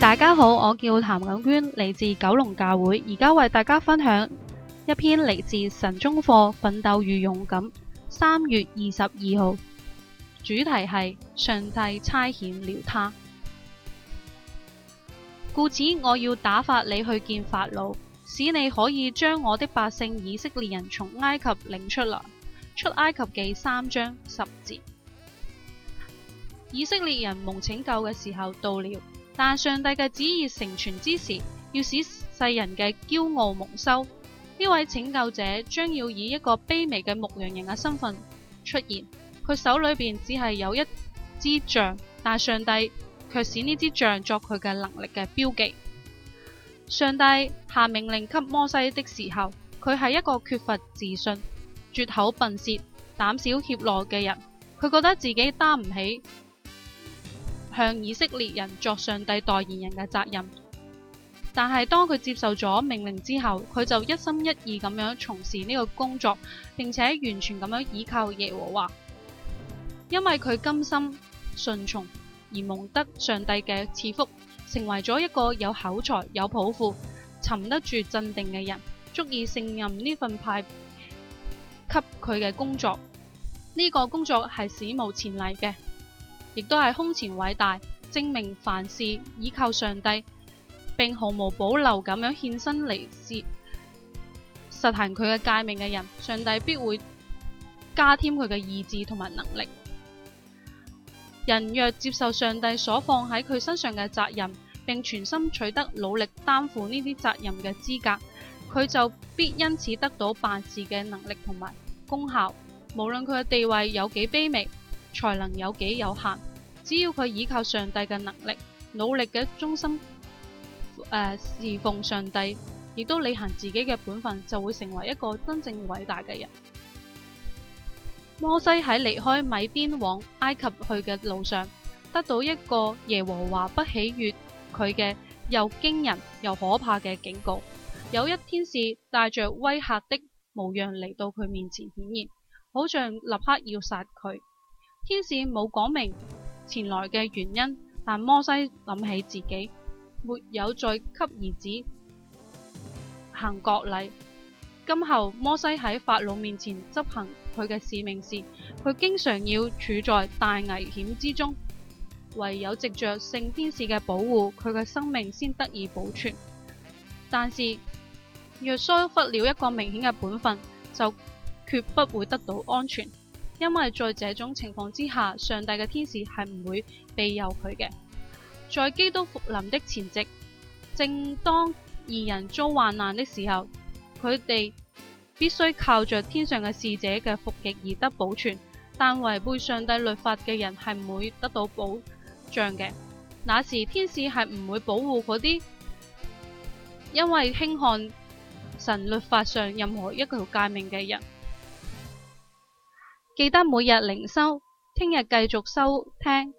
大家好，我叫譚錦娟，嚟自九龍教會，而家為大家分享一篇嚟自神中課《奮鬥與勇敢》三月二十二號，主題係上帝差遣了他。故此我要打發你去見法老，使你可以將我的百姓以色列人從埃及領出來。出埃及記三章十節：「以色列人蒙拯救嘅時候到了。但上帝嘅旨意成全之時，要使世人嘅驕傲蒙羞。呢位拯救者將要以一個卑微嘅牧羊人嘅身份出現，佢手裏邊只係有一支杖，但上帝卻使呢支杖作佢嘅能力嘅標記。上帝下命令給摩西的時候，佢係一個缺乏自信、拙口笨舌、膽小怯懦嘅人，佢覺得自己擔唔起。向以色列人作上帝代言人嘅責任，但係當佢接受咗命令之後，佢就一心一意咁樣從事呢個工作，並且完全咁樣倚靠耶和華，因為佢甘心順從而蒙得上帝嘅賜福，成為咗一個有口才、有抱負、沉得住鎮定嘅人，足以勝任呢份派給佢嘅工作。呢個工作係史無前例嘅。亦都係空前偉大，證明凡事倚靠上帝，並毫無保留咁樣獻身嚟事，實行佢嘅誡命嘅人，上帝必會加添佢嘅意志同埋能力。人若接受上帝所放喺佢身上嘅責任，並全心取得努力擔負呢啲責任嘅資格，佢就必因此得到辦事嘅能力同埋功效。無論佢嘅地位有幾卑微，才能有幾有限？只要佢依靠上帝嘅能力，努力嘅忠心、呃，侍奉上帝，亦都履行自己嘅本分，就會成為一個真正偉大嘅人。摩西喺離開米甸往埃及去嘅路上，得到一個耶和華不喜悦佢嘅又驚人又可怕嘅警告：「有一天使帶着威吓的模樣嚟到佢面前顯，顯現好像立刻要殺佢。天使冇講明前來嘅原因，但摩西諗起自己沒有再給兒子行國禮。今後摩西喺法老面前執行佢嘅使命時，佢經常要處在大危險之中，唯有藉着聖天使嘅保護，佢嘅生命先得以保存。但是若疏忽了一個明顯嘅本分，就決不會得到安全。因為在這種情況之下，上帝嘅天使係唔會庇佑佢嘅。在基督復臨的前夕，正當二人遭患難的時候，佢哋必須靠着天上嘅使者嘅服役而得保存。但違背上帝律法嘅人係唔會得到保障嘅。那時天使係唔會保護嗰啲因為輕看神律法上任何一條誡命嘅人。記得每日靈修，聽日繼續收聽。